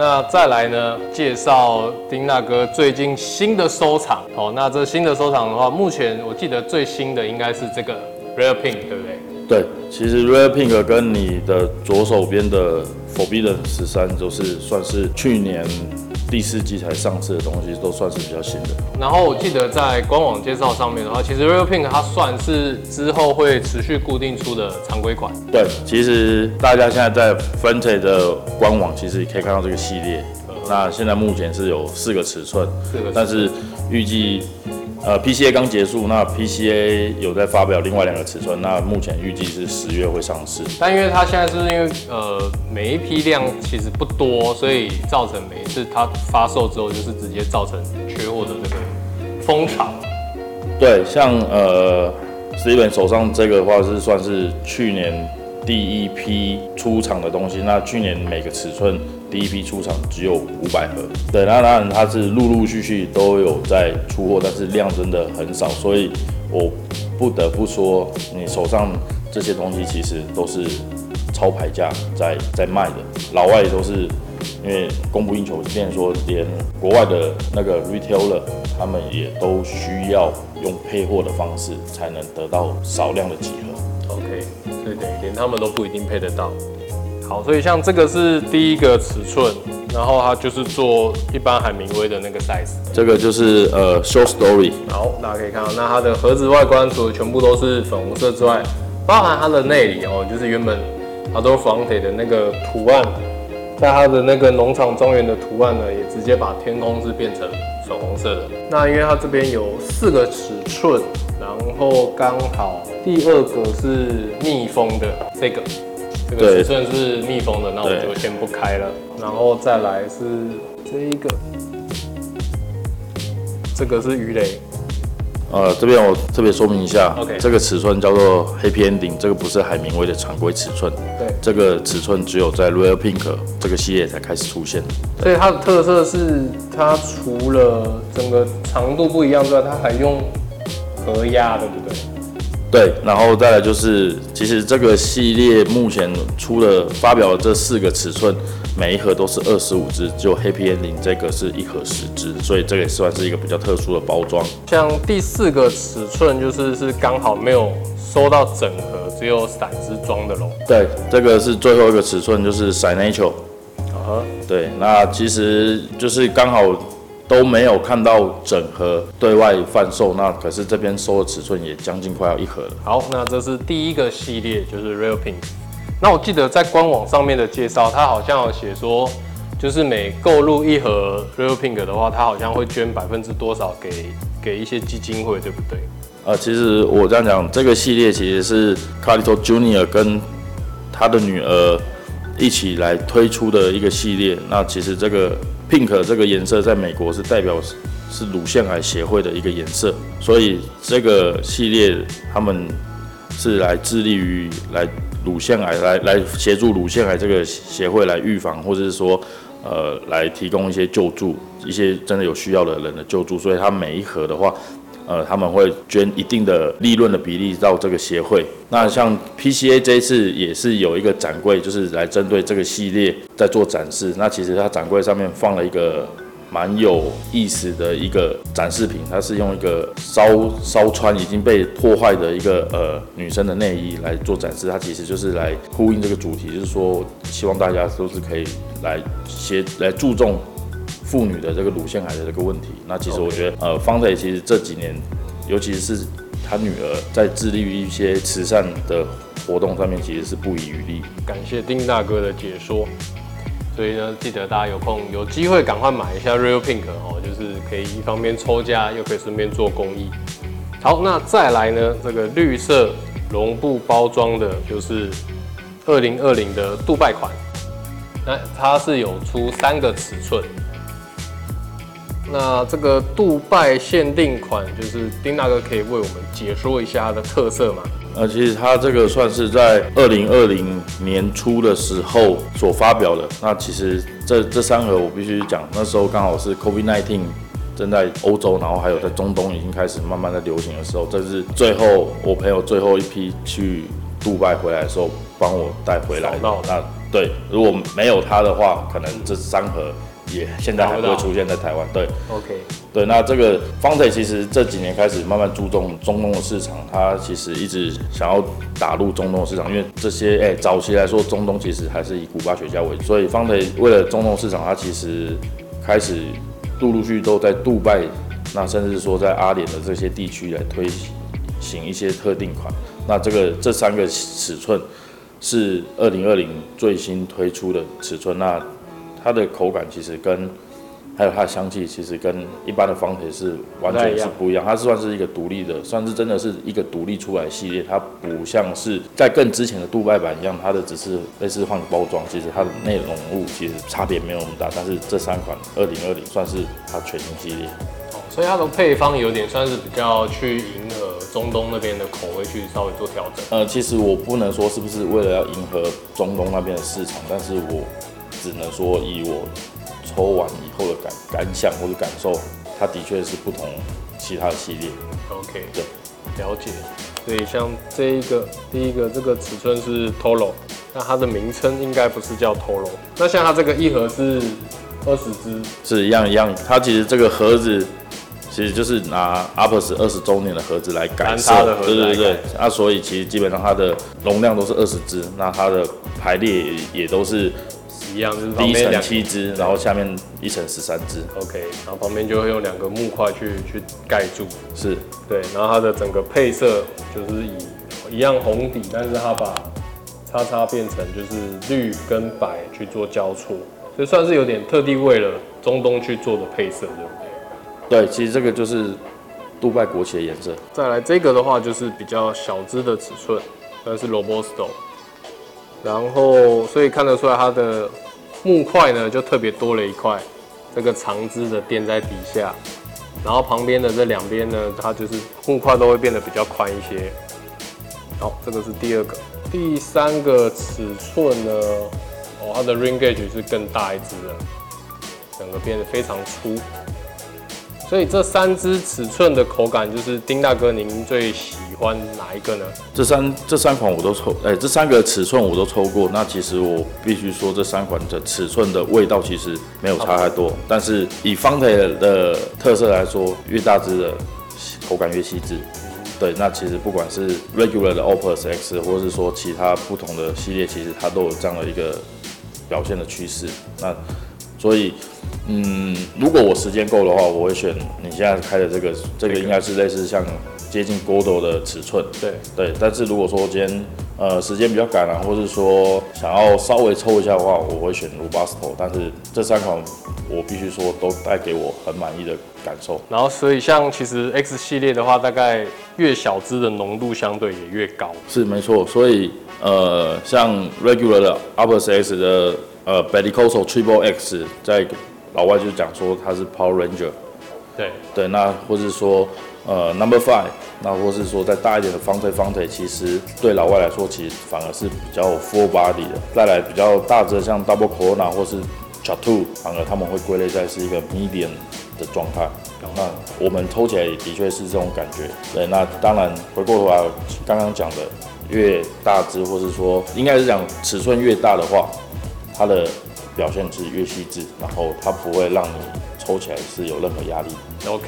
那再來呢，介紹丁大哥最近新的收藏。好、哦，那這新的收藏的話，目前我記得最新的應該是這個 Rare Pink，對不對？對，其實 Rare Pink 跟你的左手邊的 Forbidden 十三都是算是去年。第四季才上市的東西，都算是比較新的。然後我記得在官網介紹上面的話，其實 Real Pink 它算是之後會持續固定出的常規款。對，其實大家現在在 Fuente 的官網其實也可以看到這個系列。嗯、那現在目前是有四個尺寸，尺寸但是預計。呃，PCA 剛結束，那 PCA 有在發表另外兩個尺寸，那目前預計是十月會上市。但因為它現在是因為呃每一批量其實不多，所以造成每一次它發售之後就是直接造成缺貨的這個風潮。嗯。對，像呃，Steven 手上這個的話是算是去年。第一批出廠的東西，那去年每個尺寸第一批出廠只有五百盒。對，那當然它是陸陸續續都有在出貨，但是量真的很少，所以我不得不說，你手上這些東西其實都是超牌價在在賣的。老外都是因為供不應求，即便說連國外的那個 retailer 他們也都需要用配貨的方式才能得到少量的幾盒。對，連他們都不一定配得到。好，所以像這個是第一個尺寸，然後它就是做一般海明威的那個 size。這個就是呃 short story。好，大家可以看到，那它的盒子外觀除了全部都是粉紅色之外，包含它的內裡哦、喔，就是原本它都仿鐵的那個圖案，在它的那個農場莊園的圖案呢，也直接把天空是變成粉紅色的。那因為它這邊有四個尺寸。然後剛好第二個是密封的這個，這個尺寸是密封的，那對我們就先不開了。對然後再來是這一個，這個是魚雷。呃、啊，這邊我特別說明一下、嗯、，OK，這個尺寸叫做 Happy Ending，這個不是海明威的常規尺寸。對，這個尺寸只有在 Rare Pink 這個系列才開始出現。所以它的特色是它除了整個長度不一樣之外、啊，它還用。盒壓對不對？對，然後再來就是，其實這個系列目前出了發表的這四個尺寸，每一盒都是二十五隻，只有 Happy Ending 這個是一盒十隻，所以這個也算是一個比較特殊的包裝。像第四個尺寸就是是剛好沒有收到整盒，只有散隻裝的咯。對，這個是最後一個尺寸，就是 Signature。啊、uh。Huh. 對，那其實就是剛好。都沒有看到整盒對外販售，那可是這邊收的尺寸也將近快要一盒了。好，那這是第一個系列，就是 Real Pink。那我記得在官網上面的介紹，它好像有寫說，就是每購入一盒 Real Pink 的話，它好像會捐百分之多少給給一些基金會，對不對？啊、呃，其實我這樣講，這個系列其實是卡里托 Junior 跟他的女兒一起來推出的一個系列。那其實這個。Pink 這個顏色在美國是代表是乳腺癌協會的一個顏色，所以這個系列他們是來致力於來乳腺癌來來協助乳腺癌這個協會來預防，或者是說呃來提供一些救助，一些真的有需要的人的救助，所以他每一盒的話，呃，他們會捐一定的利潤的比例到這個協會。那像 PCA 這次也是有一個展櫃，就是來針對這個系列在做展示。那其實它展櫃上面放了一個蠻有意思的一個展示品，它是用一個燒燒穿已經被破壞的一個呃女生的內衣來做展示。它其實就是來呼應這個主題，就是說我希望大家都是，是可以來協來注重。婦女的這個乳腺癌的這個問題，那其實我覺得，Okay 呃，Fuente 其實這幾年，尤其是他女兒在致力於一些慈善的活動上面，嗯、其實是不遺餘力。感謝丁大哥的解說，所以呢，記得大家有空有機會趕快買一下 Real Pink 哦、喔，就是可以一方面抽家，又可以順便做公益。好，那再來呢，這個綠色絨布包裝的，就是二零二零的杜拜款，那它是有出三個尺寸。那這個杜拜限定款，就是丁大哥可以為我們解說一下它的特色嗎？那其實它這個算是在二零二零年初的時候所發表的。那其實這這三盒我必須講，那時候剛好是 COVID-19 正在歐洲，然後還有在中東已經開始慢慢的流行的時候，這是最後我朋友最後一批去杜拜回來的時候幫我帶回來的。到那對，如果沒有它的話，可能這三盒。Yeah, 現在還會出現在台灣，對，OK，對，那這個 Fuente 其實這幾年開始慢慢注重中東的市場，它其實一直想要打入中東市場，因為這些哎、欸，早期來說中東其實還是以古巴雪茄為主，所以 Fuente 為了中東市場，它其實開始陸陸續續都在杜拜，那甚至說在阿聯的這些地區來推行一些特定款，那這個這三個尺寸是二零二零最新推出的尺寸，那。它的口感其實跟，還有它的香氣其實跟一般的方腿是完全是不一樣，它是算是一個獨立的，算是真的是一個獨立出來的系列，它不像是在更之前的杜拜版一樣，它的只是類似換包裝，其實它的內容物其實差別沒有那麼大，但是這三款二零二零算是它全新系列。哦，所以它的配方有點算是比較去迎合中東那邊的口味去稍微做調整。呃，其實我不能說是不是為了要迎合中東那邊的市場，但是我。只能說以我抽完以後的感感想或者感受，它的確是不同其他的系列。OK。對，了解。對，像這一個，第一個這個尺寸是 Toro 那它的名稱應該不是叫 Toro 那像它這個一盒是二十支，是一樣一樣。它其實這個盒子其實就是拿 OPUS X 二十周年的盒子來改，對對對。那改、啊、所以其實基本上它的容量都是二十支，那它的排列也,也都是。一樣，就是第一層七支，然後下面一層十三支。OK，然後旁邊就會用兩個木塊去去蓋住。是，對，然後它的整個配色就是以一樣紅底，但是它把叉叉變成就是綠跟白去做交錯，所以算是有點特地為了中東去做的配色，對，對,對，其實這個就是杜拜國旗的顏色。再來這個的話，就是比較小支的尺寸，但是 Robusto 然後，所以看得出來，它的木塊呢就特別多了一塊，這個長枝的墊在底下，然後旁邊的這兩邊呢，它就是木塊都會變得比較寬一些。好、哦，這個是第二個，第三個尺寸呢，哦，它的 ring gauge 是更大一只的，整個變得非常粗。所以這三只尺寸的口感，就是丁大哥您最喜歡哪一個呢？這三這三款我都抽，哎、欸，這三個尺寸我都抽過。那其實我必須說，這三款的尺寸的味道其實沒有差太多。哦、但是以 Fuente 的特色來說，越大只的口感越細緻。嗯、對，那其實不管是 regular 的 Opus X，或是說其他不同的系列，其實它都有這樣的一個表現的趨勢。那所以，嗯，如果我時間夠的話，我會選你現在開的這個，這個應該是類似像接近 Gordo 的尺寸。對對。但是如果說今天呃時間比較趕啊，或是說想要稍微抽一下的話，我會選 Robusto。但是這三款我必須說都帶給我很滿意的感受。然後，所以像其實 X 系列的話，大概越小支的濃度相對也越高。是沒錯。所以呃，像 regular 的 Opus X 的。呃 Belicoso Triple X，在老外就講說它是 Power Ranger。對。對，那或是說，呃，Number Five，那或是說再大一點的，方腿方腿，其實對老外來說，其實反而是比較 Full Body 的。再來比較大只，像 Double Corona 或是 Chateau，反而他們會歸類在是一個 Medium 的狀態。嗯、那我們抽起來也的確是這種感覺。對，那當然回過頭來剛剛講的，越大只，或是說，應該是講尺寸越大的話。它的表現是越細緻，然後它不會讓你抽起來是有任何壓力。OK。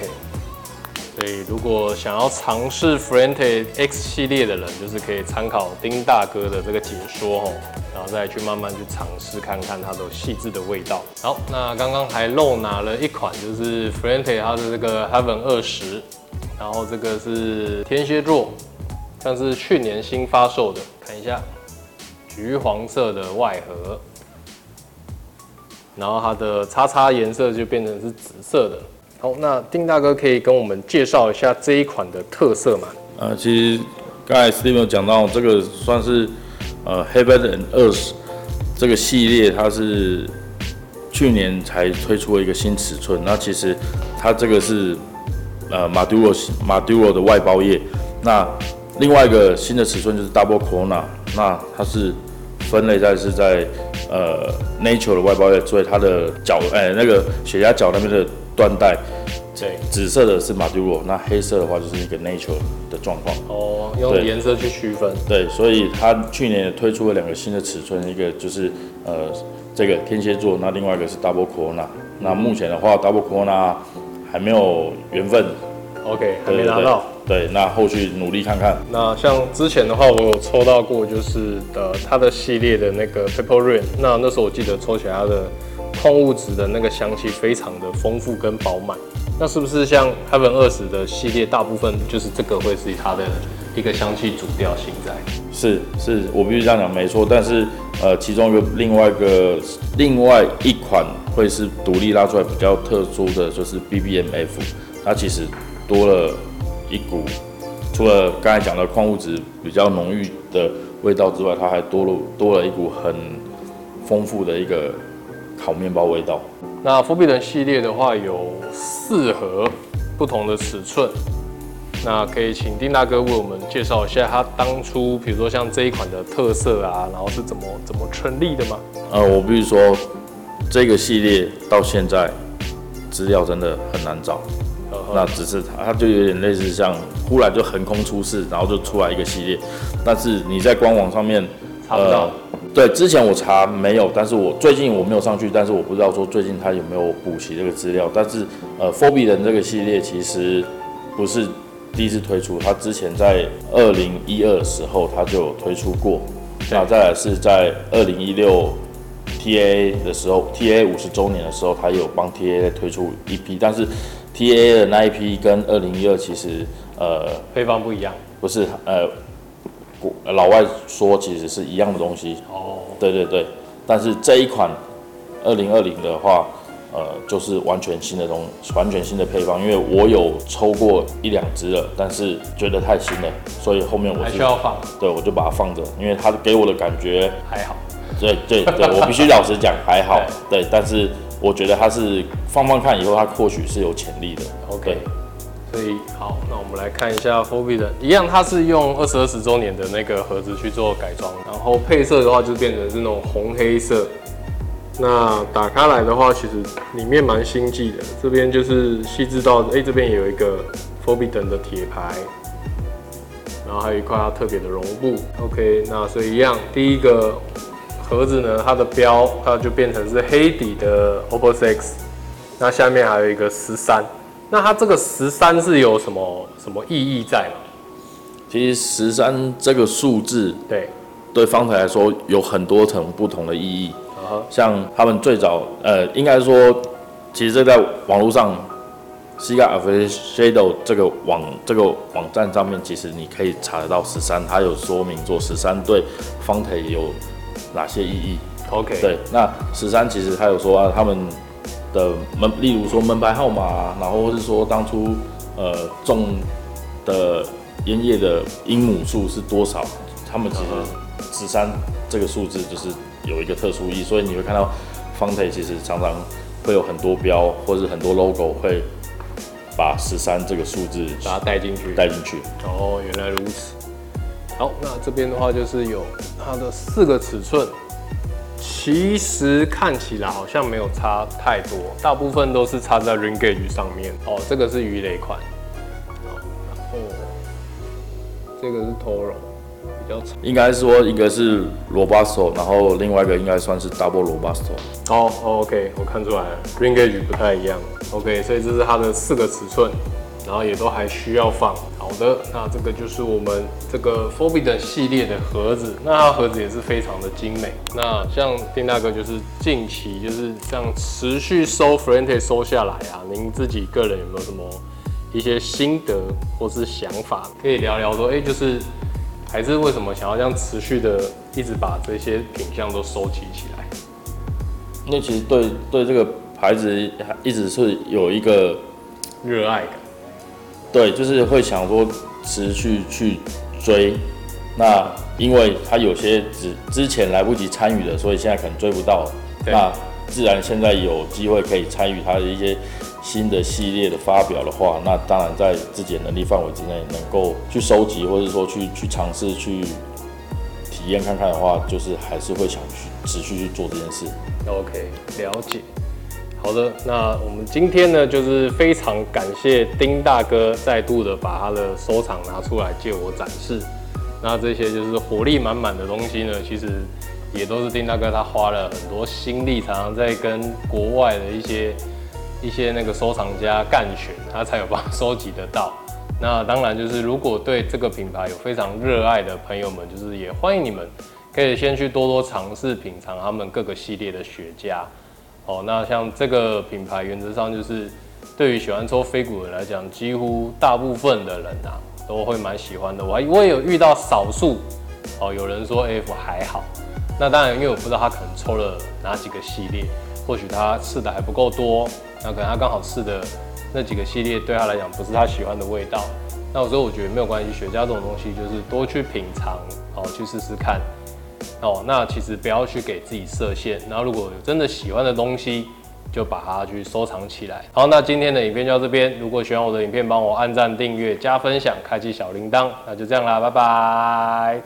所以如果想要嘗試 Fuente X 系列的人，就是可以參考丁大哥的這個解說吼，然後再去慢慢去嘗試看看它的細緻的味道。好，那剛剛還漏拿了一款，就是 Fuente 它的這個 Heaven 二十，然後這個是天蠍座，像是去年新發售的，看一下，橘黃色的外盒。然後它的叉叉顏色就變成是紫色的。好，那丁大哥可以跟我們介紹一下這一款的特色嗎？呃，其實剛才 Steven 有講到這個算是呃 Heaven and Earth 這個系列，它是去年才推出了一個新尺寸。那其實它這個是呃 Maduro Maduro 的外包葉。那另外一個新的尺寸就是 Double Corona，那它是。分類在是在呃 Nature 的外包在，所以它的腳哎、欸、那個雪茄腳那邊的緞帶，對，紫色的是馬杜羅，那黑色的話就是一個 Nature 的狀況。哦、oh, 對，用顏色去區分。對，所以他去年也推出了兩個新的尺寸，一個就是呃這個天蠍座，那另外一個是 Double Corona、嗯。那目前的話，Double Corona 還沒有緣分，OK，對對對還沒拿到。對，那後續努力看看。那像之前的話，我有抽到過，就是呃，它的系列的那個 Purple Rain。那那時候我記得抽起來，它的礦物質的那個香氣非常的豐富跟飽滿。那是不是像 Heaven 二十的系列，大部分就是這個會是它的一個香氣主調？性在是，是我必須這樣講，沒錯。但是呃，其中一個另外一個另外一款會是獨立拉出來比較特殊的就是 BBMF，它其實多了。一股除了剛才講的礦物質比較濃郁的味道之外，它還多了多了一股很豐富的一個烤麵包味道。那福比倫系列的話有四盒不同的尺寸，那可以請丁大哥為我們介紹一下他當初，比如說像這一款的特色啊，然後是怎麼怎麼成立的嗎？呃，我比如說這個系列到現在資料真的很難找。那只是他，他就有點類似像，忽然就橫空出世，然後就出來一個系列。但是你在官網上面，查不到、呃。對，之前我查沒有，但是我最近我沒有上去，但是我不知道說最近他有沒有補齊這個資料。但是，呃 Forbidden 這個系列其實不是第一次推出，他之前在二零一二的時候他就有推出過。的那再來是在二零一六 T A 的時候，T A 五十周年的時候，他也有幫 T A 推出一批，但是。T A 的那一批跟二零一二其實，呃，配方不一樣。不是，呃，老外說其實是一樣的東西。哦。對對對，但是這一款二零二零的話，呃，就是完全新的東，完全新的配方。因為我有抽過一兩支了，但是覺得太新了，所以後面我還需要放。對，我就把它放着，因為它給我的感覺還好。對對對，我必須老實講 還好。對，對對但是。我覺得它是放放看以後，它或許是有潛力的。OK，對所以好，那我們來看一下 Forbidden，一樣，它是用二十二十週年的那個盒子去做改裝，然後配色的話就變成是那種紅黑色。那打開來的話，其實裡面蠻新奇的，這邊就是細緻到，哎、欸，這邊也有一個 Forbidden 的鐵牌，然後還有一塊特別的絨布。OK，那所以一樣，第一個。盒子呢？它的標它就變成是黑底的 OPUS X，那下面還有一個十三。那它這個十三是有什麼什麼意義在嗎？其實十三這個數字對對方台來說有很多層不同的意義。Uh huh，像他們最早呃，應該說其實這在網絡上，Cigar Aficionado 這個網這個網站上面，其實你可以查得到十三，它有說明做十三對方台有哪些意義？OK，對，那十三其實他有說啊，他們的門，例如說門牌號碼啊，然後或是說當初呃種的菸葉的英畝數是多少，他們其實十三這個數字就是有一個特殊意義。所以你會看到 Fuente 其實常常會有很多標或是很多 logo 會把十三這個數字把它帶進去，帶進去。哦，原來如此。好，那這邊的話就是有它的四個尺寸，其實看起來好像沒有差太多，大部分都是差在 ring gauge 上面。哦，這個是魚雷款。好，然後這個是 Toro，比較長。應該說一個是 robusto，然後另外一個應該算是 double robusto。哦，OK 我看出來了，ring gauge 不太一樣。OK，所以這是它的四個尺寸。然後也都還需要放好的。那這個就是我們這個 Forbidden 系列的盒子，那它盒子也是非常的精美。那像丁大哥，就是近期就是這樣持續收 Fuente 收下來啊，您自己個人有沒有什麼一些心得或是想法可以聊聊？說，哎，就是還是為什麼想要這樣持續的一直把這些品相都收集起來？那其實對對這個牌子，一直是有一個熱愛感。對，就是會想說持續去追，那因為他有些只之前來不及參與的，所以現在可能追不到了。對那自然現在有機會可以參與他的一些新的系列的發表的話，那當然在自己的能力範圍之內，能夠去收集或者說去去嘗試去體驗看看的話，就是還是會想去持續去做這件事。OK，了解。好的，那我們今天呢，就是非常感謝丁大哥再度的把他的收藏拿出來借我展示。那這些就是火力滿滿的東西呢，其實也都是丁大哥他花了很多心力，常常在跟國外的一些一些那個收藏家干選，他才有辦法收集得到。那當然就是如果對這個品牌有非常熱愛的朋友們，就是也歡迎你們可以先去多多嘗試品嘗他們各個系列的雪茄。哦，那像這個品牌，原則上就是對於喜歡抽非古的來講，幾乎大部分的人啊都會蠻喜歡的。我還我也有遇到少數哦，有人說 AF 還好。那當然，因為我不知道他可能抽了哪幾個系列，或許他試的還不夠多，那可能他剛好試的那幾個系列對他來講不是他喜歡的味道。那所以我覺得沒有關係，雪茄這種東西就是多去品嘗，哦，去試試看。哦，那其實不要去給自己設限。然後如果有真的喜歡的東西，就把它去收藏起來。好，那今天的影片就到這邊。如果喜歡我的影片，幫我按讚、訂閱、加分享、開啟小鈴鐺。那就這樣啦，拜拜。